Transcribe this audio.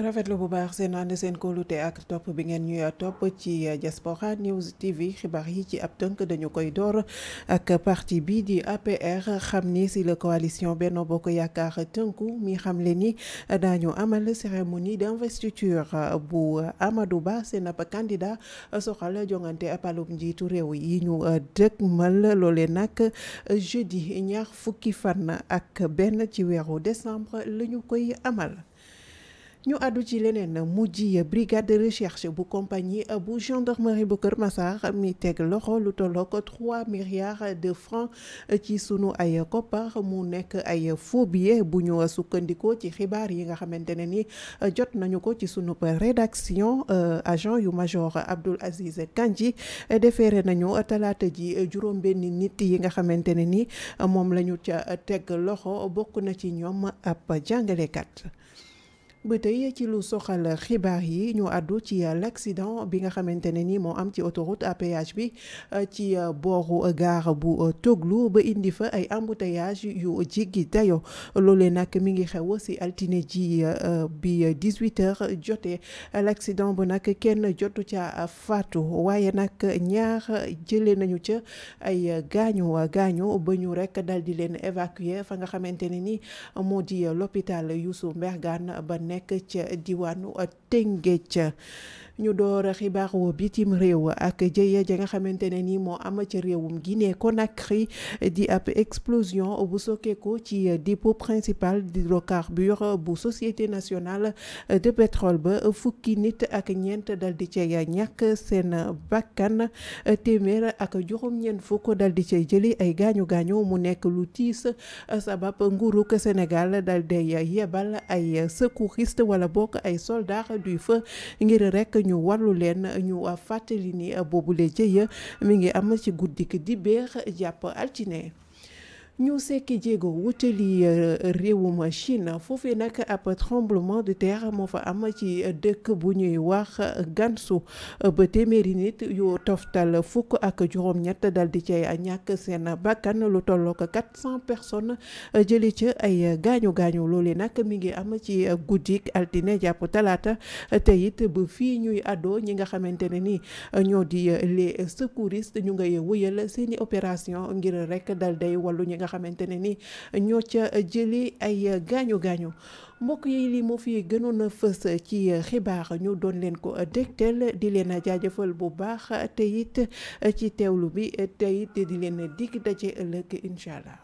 rafetlu bu baax seen ànd seen kóolute ak topp bi ngeen ñuy topp ci diaspora news tv xibaar yi ci ab tënk dañu koy door ak parti bi di APR xam si la coalition Benno Bokk Yaakaar tënku mi xam ni daañu amal cérémonie d'investiture bu Amadou Ba seen ab candidat soxal jongante palub njiitu réew yi ñu dëgmal loole nag jeudi ñaar fukki fan ak benn ci décembre le koy amal ñu àddu ci leneen mujj brigade de recherche bu compagnie bu gendarmerie bu Kër Massar mi teg loxo lu 3 milliards de francs ci sunu ay koppar mu nekk ay faux billets bu ñu sukkandikoo ci xibaar yi nga ni jot nanyoko ko ci sunu rédaction euh, agent yu major Abdoul Aziz Kandji defeere nañu talaata ji juróom-benni nit yi nga xamante mom ni moom teg loxo beaucoup na ci ñoom ab jàngalekat. ba tey ci lu soxal xibaar yi ñoo àddu ci l'accident bi nga xamante ne ni moo am ci autoroute à bi euh, ci euh, booru gaar bu euh, Toglu ba indi fa ay embouteillage yu jéggi dayo loole nag mi ngi xew si altine ji bi 18h jotee l'accident bu nag kenn jotu ca faatu waaye nag ñaar jële nañu ca ay gaañu gaañu ba ñu rek dal di leen évacuer fa nga xamante ne ni moo di l'hôpital Youssou Mbergane ba nekk ca diwaanu oh, tenge ca ñu door a xibaaru bitim réew ak jëye ja nga xamante ne nii moo am ci réewum Guinée Conakry di ab explosion bu sokkeeku ci dépôt principal d'hydrocarbures bu société nationale de pétrole ba fukki nit ak ñeent dal di cay ñàkk seen bakkan téeméer ak juróom-ñeent fukk dal di cay jëli ay gaañu gaañu mu nekk lu tiis sabab nguuruk Sénégal dal day yebal ay secouriste wala bokk ay soldats du feu ngir rek. ñu wallu leen ñu euh, fàttali nii ni euh, boobule jëya mi ngi am ci guddi di guddik a jàpp altine ñu sekki jéego wutali euh, réewum machine. foofee nak ap tremblement de terre mo fa am ci dekk bu ñuy wax Gansu be téeméeri nit yu toftal fuk ak juroom ñett dal di cay ñak seen bakkan lu tollook 400 personnes jëli ci ay gañu gañu lolé nak mi ngi am ci goudik altiné jàpp talaata te it ba ñuy àddoo ñi nga xamante ni ñoo di les secouristes ñu ngay wëyal seeni opération ngir rek dal day walu ñi nga xamantene ni ñoo ca jëli ay gaañu gaañu mbokk yi li mo fi gënoon a fës ci xibaar ñu doon leen ko dégteel di leen jaajëfal bu baax te it ci teewlu bi te it di leen dig daje ëllëg incha allah.